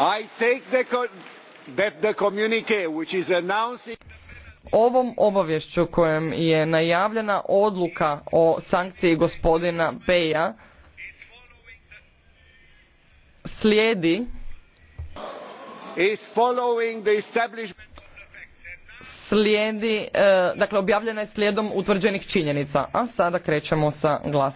I Ovom obavješću kojem je najavljena odluka o sankciji gospodina Beja slijedi slijedi, e, dakle objavljena je slijedom utvrđenih činjenica. A sada krećemo sa glasanjem.